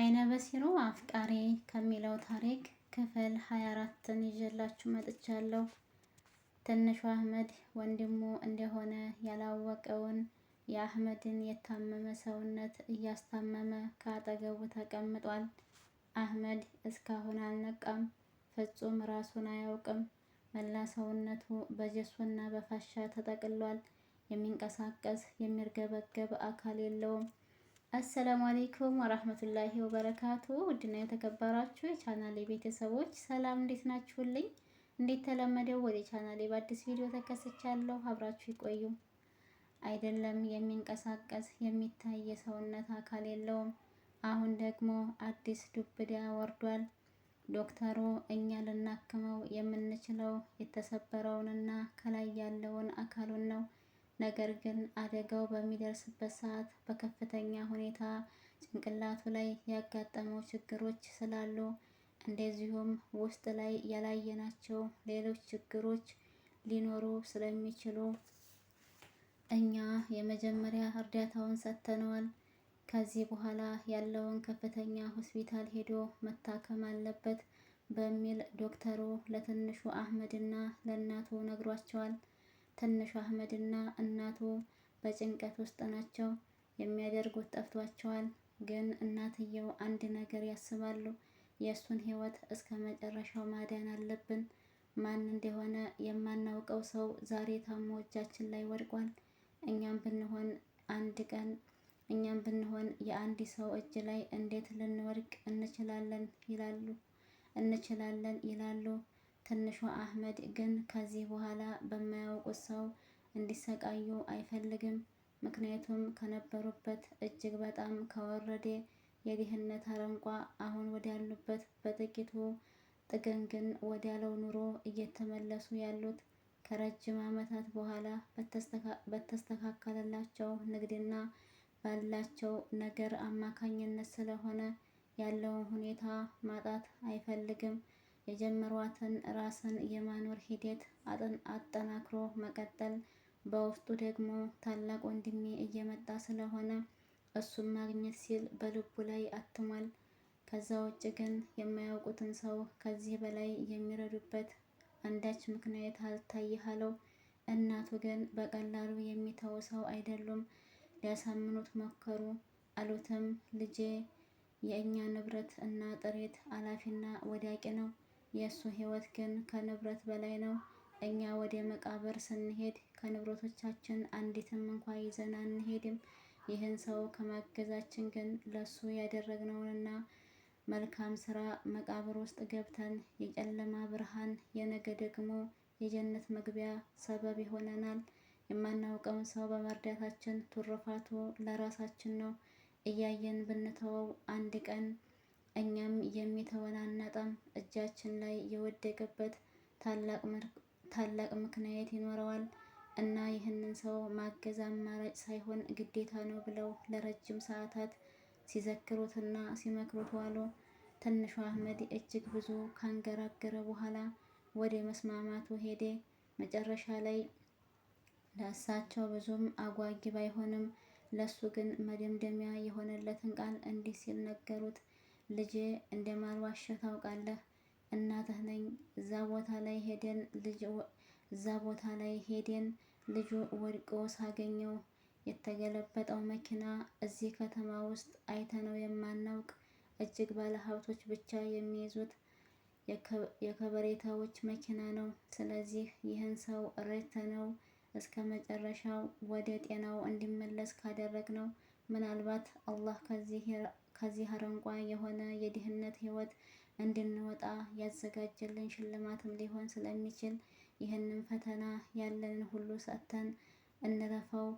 አይነ በሲሩ አፍቃሪ ከሚለው ታሪክ ክፍል 24ን ይዤላችሁ መጥቻለሁ። ትንሹ አህመድ ወንድሙ እንደሆነ ያላወቀውን የአህመድን የታመመ ሰውነት እያስታመመ ከአጠገቡ ተቀምጧል። አህመድ እስካሁን አልነቃም። ፍጹም ራሱን አያውቅም። መላ ሰውነቱ በጀሶና በፋሻ ተጠቅሏል። የሚንቀሳቀስ የሚርገበገብ አካል የለውም። አሰላሙ አሌይኩም ወራህመቱላሂ ወበረካቱ። ውድና የተከበራችሁ የቻናሌ ቤተሰቦች ሰላም፣ እንዴት ናችሁልኝ? እንዴት ተለመደው ወደ ቻናሌ በአዲስ ቪዲዮ ተከስቻለሁ። አብራችሁ ይቆዩ። አይደለም የሚንቀሳቀስ የሚታይ የሰውነት አካል የለውም። አሁን ደግሞ አዲስ ዱብዳ ወርዷል። ዶክተሩ እኛ ልናክመው የምንችለው የተሰበረውንና ከላይ ያለውን አካሉን ነው ነገር ግን አደጋው በሚደርስበት ሰዓት በከፍተኛ ሁኔታ ጭንቅላቱ ላይ ያጋጠመው ችግሮች ስላሉ እንደዚሁም ውስጥ ላይ ያላየናቸው ሌሎች ችግሮች ሊኖሩ ስለሚችሉ እኛ የመጀመሪያ እርዳታውን ሰጥተነዋል። ከዚህ በኋላ ያለውን ከፍተኛ ሆስፒታል ሄዶ መታከም አለበት በሚል ዶክተሩ ለትንሹ አህመድና ለእናቱ ነግሯቸዋል። ትንሹ አህመድና እናቱ በጭንቀት ውስጥ ናቸው። የሚያደርጉት ጠፍቷቸዋል። ግን እናትየው አንድ ነገር ያስባሉ። የእሱን ሕይወት እስከ መጨረሻው ማዳን አለብን። ማን እንደሆነ የማናውቀው ሰው ዛሬ ታሞ እጃችን ላይ ወድቋል። እኛም ብንሆን አንድ ቀን እኛም ብንሆን የአንድ ሰው እጅ ላይ እንዴት ልንወድቅ እንችላለን ይላሉ እንችላለን ይላሉ። ትንሿ አህመድ ግን ከዚህ በኋላ በማያውቁት ሰው እንዲሰቃዩ አይፈልግም። ምክንያቱም ከነበሩበት እጅግ በጣም ከወረዴ የድህነት አረንቋ አሁን ወዳሉበት በጥቂቱ ጥግንግን ወዳለው ኑሮ እየተመለሱ ያሉት ከረጅም ዓመታት በኋላ በተስተካከለላቸው ንግድና ባላቸው ነገር አማካኝነት ስለሆነ ያለውን ሁኔታ ማጣት አይፈልግም። የጀመሯትን ራስን የማኖር ሂደት አጠናክሮ መቀጠል፣ በውስጡ ደግሞ ታላቅ ወንድሜ እየመጣ ስለሆነ እሱን ማግኘት ሲል በልቡ ላይ አትሟል። ከዛ ውጭ ግን የማያውቁትን ሰው ከዚህ በላይ የሚረዱበት አንዳች ምክንያት አልታይሃለው። እናቱ ግን በቀላሉ የሚተው ሰው አይደሉም። ሊያሳምኑት ሞከሩ። አሉትም ልጄ የእኛ ንብረት እና ጥሬት አላፊና ወዳቂ ነው። የእሱ ህይወት ግን ከንብረት በላይ ነው። እኛ ወደ መቃብር ስንሄድ ከንብረቶቻችን አንዲትም እንኳ ይዘን አንሄድም። ይህን ሰው ከማገዛችን ግን ለሱ ያደረግነውንና መልካም ስራ መቃብር ውስጥ ገብተን የጨለማ ብርሃን፣ የነገ ደግሞ የጀነት መግቢያ ሰበብ ይሆነናል። የማናውቀውን ሰው በመርዳታችን ትሩፋቱ ለራሳችን ነው። እያየን ብንተወው አንድ ቀን እኛም የሚተወናነጠም እጃችን ላይ የወደቀበት ታላቅ ምክንያት ይኖረዋል እና ይህንን ሰው ማገዝ አማራጭ ሳይሆን ግዴታ ነው ብለው ለረጅም ሰዓታት ሲዘክሩትና ሲመክሩት ዋሉ። ትንሹ አህመድ እጅግ ብዙ ካንገራገረ በኋላ ወደ መስማማቱ ሄደ። መጨረሻ ላይ ለእሳቸው ብዙም አጓጊ ባይሆንም ለሱ ግን መደምደሚያ የሆነለትን ቃል እንዲህ ሲል ነገሩት። ልጄ እንደማልዋሸው ታውቃለህ። እናትህ ነኝ። እዛ ቦታ ላይ ሄደን ልጅ እዛ ቦታ ላይ ሄደን ልጁ ወድቆ ሳገኘው የተገለበጠው መኪና እዚህ ከተማ ውስጥ አይተነው የማናውቅ እጅግ ባለሀብቶች ብቻ የሚይዙት የከበሬታዎች መኪና ነው። ስለዚህ ይህን ሰው ረድተነው እስከ መጨረሻው ወደ ጤናው እንዲመለስ ካደረግነው ምናልባት አላህ ከዚህ ከዚህ አረንቋ የሆነ የድህነት ህይወት እንድንወጣ ያዘጋጀልን ሽልማትም ሊሆን ስለሚችል ይህንን ፈተና ያለንን ሁሉ ሰጥተን እንረፈው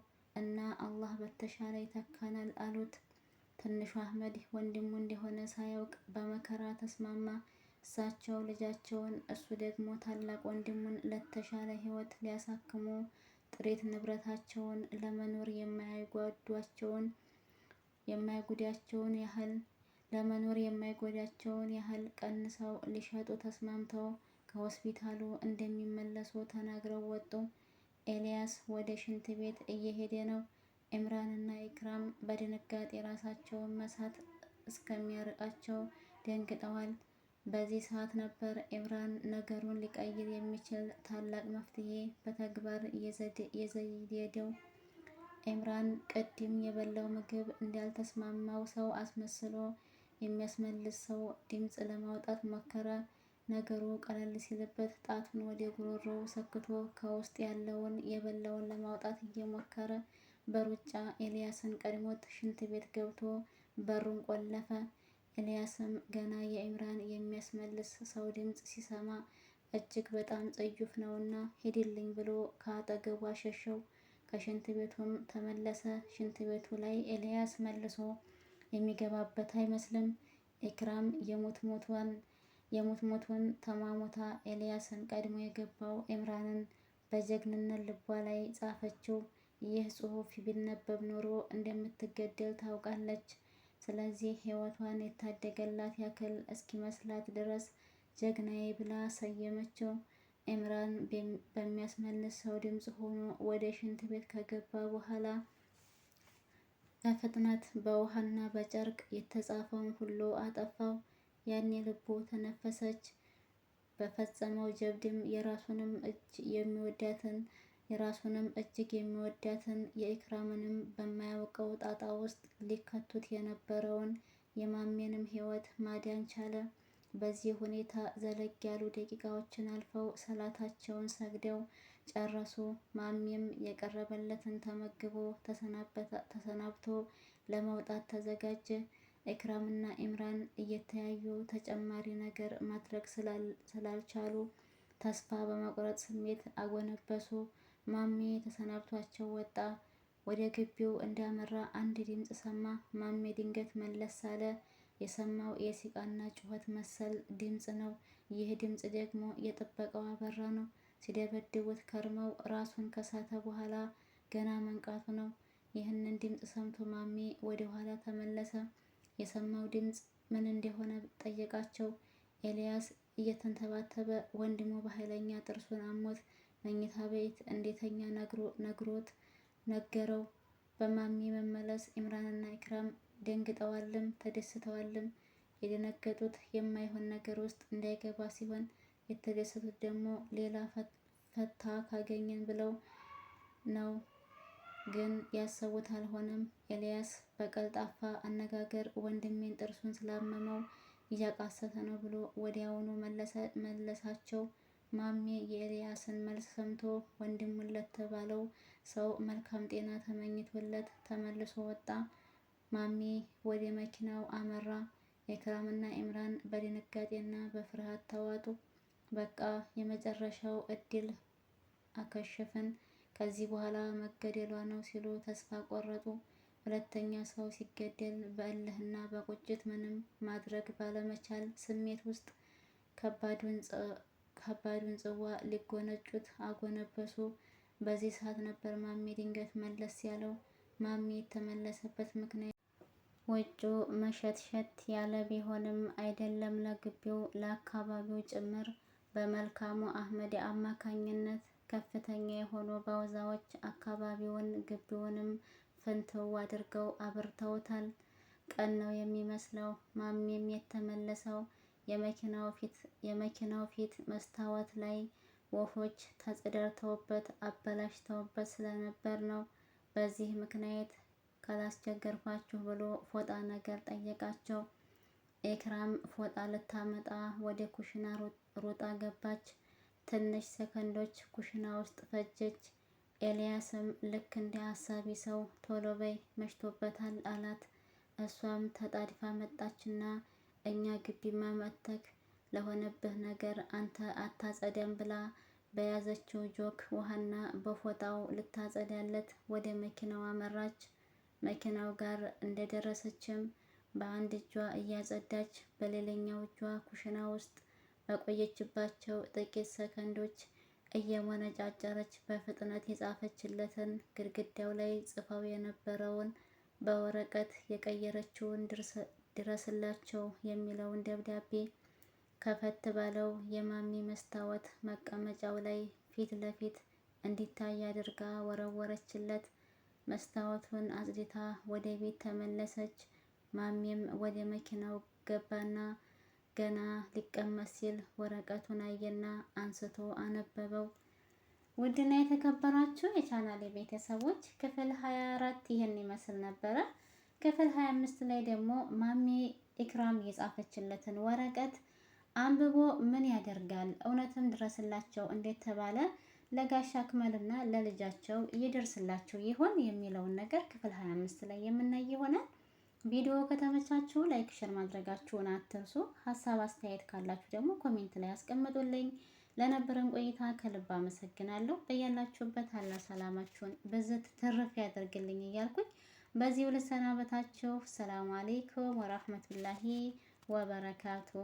እና አላህ በተሻለ ይተካናል አሉት። ትንሹ አህመድ ወንድሙ እንደሆነ ሳያውቅ በመከራ ተስማማ። እሳቸው ልጃቸውን፣ እሱ ደግሞ ታላቅ ወንድሙን ለተሻለ ህይወት ሊያሳክሙ ጥሬት ንብረታቸውን ለመኖር የማይጓዷቸውን የማይጎዳቸውን ያህል ለመኖር የማይጎዳቸውን ያህል ቀንሰው ሊሸጡ ተስማምተው ከሆስፒታሉ እንደሚመለሱ ተናግረው ወጡ። ኤልያስ ወደ ሽንት ቤት እየሄደ ነው። እና ኢክራም በድንጋጤ ራሳቸውን መሳት እስከሚያርቃቸው ደንግጠዋል። በዚህ ሰዓት ነበር ኢምራን ነገሩን ሊቀይር የሚችል ታላቅ መፍትሄ በተግባር የዘየደው። ኤምራን ቅድም የበላው ምግብ እንዳልተስማማው ሰው አስመስሎ የሚያስመልስ ሰው ድምፅ ለማውጣት ሞከረ። ነገሩ ቀለል ሲልበት ጣቱን ወደ ጉሮሮው ሰክቶ ከውስጥ ያለውን የበላውን ለማውጣት እየሞከረ በሩጫ ኤልያስን ቀድሞት ሽንት ቤት ገብቶ በሩን ቆለፈ። ኤልያስም ገና የኢምራን የሚያስመልስ ሰው ድምፅ ሲሰማ እጅግ በጣም ጸዩፍ ነውና ሂድልኝ ብሎ ከአጠገቡ ሸሸው። ከሽንት ቤቱም ተመለሰ። ሽንት ቤቱ ላይ ኤልያስ መልሶ የሚገባበት አይመስልም። ኢክራም የሞት ሞቷን የሞት ሞቱን ተማሞታ ኤልያስን ቀድሞ የገባው ኤምራንን በጀግንነት ልቧ ላይ ጻፈችው። ይህ ጽሑፍ ቢነበብ ኖሮ እንደምትገደል ታውቃለች። ስለዚህ ሕይወቷን የታደገላት ያክል እስኪመስላት ድረስ ጀግናዬ ብላ ሰየመችው። ኤምራን በሚያስመልሰው ድምፅ ሆኖ ወደ ሽንት ቤት ከገባ በኋላ በፍጥነት በውሃና በጨርቅ የተጻፈውን ሁሉ አጠፋው። ያኔ ልቡ ተነፈሰች። በፈጸመው ጀብድም የራሱንም እጅ የሚወዳትን የራሱንም እጅግ የሚወዳትን የኢክራምንም በማያውቀው ጣጣ ውስጥ ሊከቱት የነበረውን የማሜንም ሕይወት ማዳን ቻለ። በዚህ ሁኔታ ዘለግ ያሉ ደቂቃዎችን አልፈው ሰላታቸውን ሰግደው ጨረሱ። ማሚም የቀረበለትን ተመግቦ ተሰናብቶ ለመውጣት ተዘጋጀ። ኢክራምና ኢምራን እየተያዩ ተጨማሪ ነገር ማድረግ ስላልቻሉ ተስፋ በመቁረጥ ስሜት አጎነበሱ። ማሚ ተሰናብቷቸው ወጣ። ወደ ግቢው እንዳመራ አንድ ድምፅ ሰማ። ማሚ ድንገት መለስ አለ። የሰማው የሲቃና ጩኸት መሰል ድምፅ ነው። ይህ ድምፅ ደግሞ የጥበቃው አበራ ነው። ሲደበድቡት ከርመው ራሱን ከሳተ በኋላ ገና መንቃቱ ነው። ይህንን ድምፅ ሰምቶ ማሜ ወደ ኋላ ተመለሰ። የሰማው ድምፅ ምን እንደሆነ ጠየቃቸው። ኤልያስ እየተንተባተበ ወንድሙ በኃይለኛ ጥርሱን አሞት መኝታ ቤት እንዴተኛ ነግሮት ነገረው። በማሜ መመለስ ኢምራንና ኢክራም ደንግጠዋልም ተደስተዋልም። የደነገጡት የማይሆን ነገር ውስጥ እንዳይገባ ሲሆን፣ የተደሰቱት ደግሞ ሌላ ፈታ ካገኘን ብለው ነው። ግን ያሰቡት አልሆነም። ኤልያስ በቀልጣፋ አነጋገር ወንድሜን ጥርሱን ስላመመው እያቃሰተ ነው ብሎ ወዲያውኑ መለሳቸው። ማሜ የኤልያስን መልስ ሰምቶ ወንድሙን ለተባለው ሰው መልካም ጤና ተመኝቶለት ተመልሶ ወጣ። ማሚ ወደ መኪናው አመራ። ኤክራምና ኢምራን በድንጋጤና በፍርሃት ተዋጡ። በቃ የመጨረሻው እድል አከሸፈን፣ ከዚህ በኋላ መገደሏ ነው ሲሉ ተስፋ ቆረጡ። ሁለተኛ ሰው ሲገደል በእልህና በቁጭት ምንም ማድረግ ባለመቻል ስሜት ውስጥ ከባዱን ጽዋ ሊጎነጩት አጎነበሱ። በዚህ ሰዓት ነበር ማሚ ድንገት መለስ ያለው። ማሚ የተመለሰበት ምክንያት መሸት መሸትሸት ያለ ቢሆንም አይደለም ለግቢው ለአካባቢው ጭምር በመልካሙ አህመድ አማካኝነት ከፍተኛ የሆኑ ባውዛዎች አካባቢውን ግቢውንም ፍንትው አድርገው አብርተውታል። ቀን ነው የሚመስለው። ማሜም የተመለሰው የመኪናው ፊት መስታወት ላይ ወፎች ተጽደርተውበት አበላሽተውበት ስለነበር ነው። በዚህ ምክንያት ካላስቸገርኳችሁ ብሎ ፎጣ ነገር ጠየቃቸው። ኤክራም ፎጣ ልታመጣ ወደ ኩሽና ሮጣ ገባች። ትንሽ ሰከንዶች ኩሽና ውስጥ ፈጀች። ኤልያስም ልክ እንደ አሳቢ ሰው ቶሎ በይ መሽቶበታል አላት። እሷም ተጣድፋ መጣችና እኛ ግቢማ መጥተክ ለሆነብህ ነገር አንተ አታጸዳም ብላ በያዘችው ጆክ ውሃና በፎጣው ልታጸዳለት ወደ መኪናው አመራች። መኪናው ጋር እንደደረሰችም በአንድ እጇ እያጸዳች በሌላኛው እጇ ኩሽና ውስጥ በቆየችባቸው ጥቂት ሰከንዶች እየሞነጫጨረች በፍጥነት የጻፈችለትን ግድግዳው ላይ ጽፈው የነበረውን በወረቀት የቀየረችውን ድረስላቸው የሚለውን ደብዳቤ ከፈት ባለው የማሚ መስታወት መቀመጫው ላይ ፊት ለፊት እንዲታይ አድርጋ ወረወረችለት። መስታወቱን አጽድታ ወደ ቤት ተመለሰች። ማሜም ወደ መኪናው ገባና ገና ሊቀመስ ሲል ወረቀቱን አየና አንስቶ አነበበው። ውድና የተከበራችሁ የቻናሌ ቤተሰቦች ክፍል 24 ይህን ይመስል ነበረ። ክፍል 25 ላይ ደግሞ ማሜ ኢክራም የጻፈችለትን ወረቀት አንብቦ ምን ያደርጋል እውነትም ድረስላቸው እንዴት ተባለ ለጋሽ አክመልና ለልጃቸው ይደርስላቸው ይሆን የሚለውን ነገር ክፍል 25 ላይ የምናይ ይሆናል። ቪዲዮ ከተመቻችሁ ላይክ፣ ሼር ማድረጋችሁን አትርሱ። ሀሳብ አስተያየት ካላችሁ ደግሞ ኮሜንት ላይ አስቀምጡልኝ። ለነበረን ቆይታ ከልብ አመሰግናለሁ። በያላችሁበት አላ ሰላማችሁን ብዝት ትርፍ ያደርግልኝ እያልኩኝ በዚህ ልሰናበታችሁ። ሰላም አሌይኩም ወራህመቱላሂ ወበረካቱ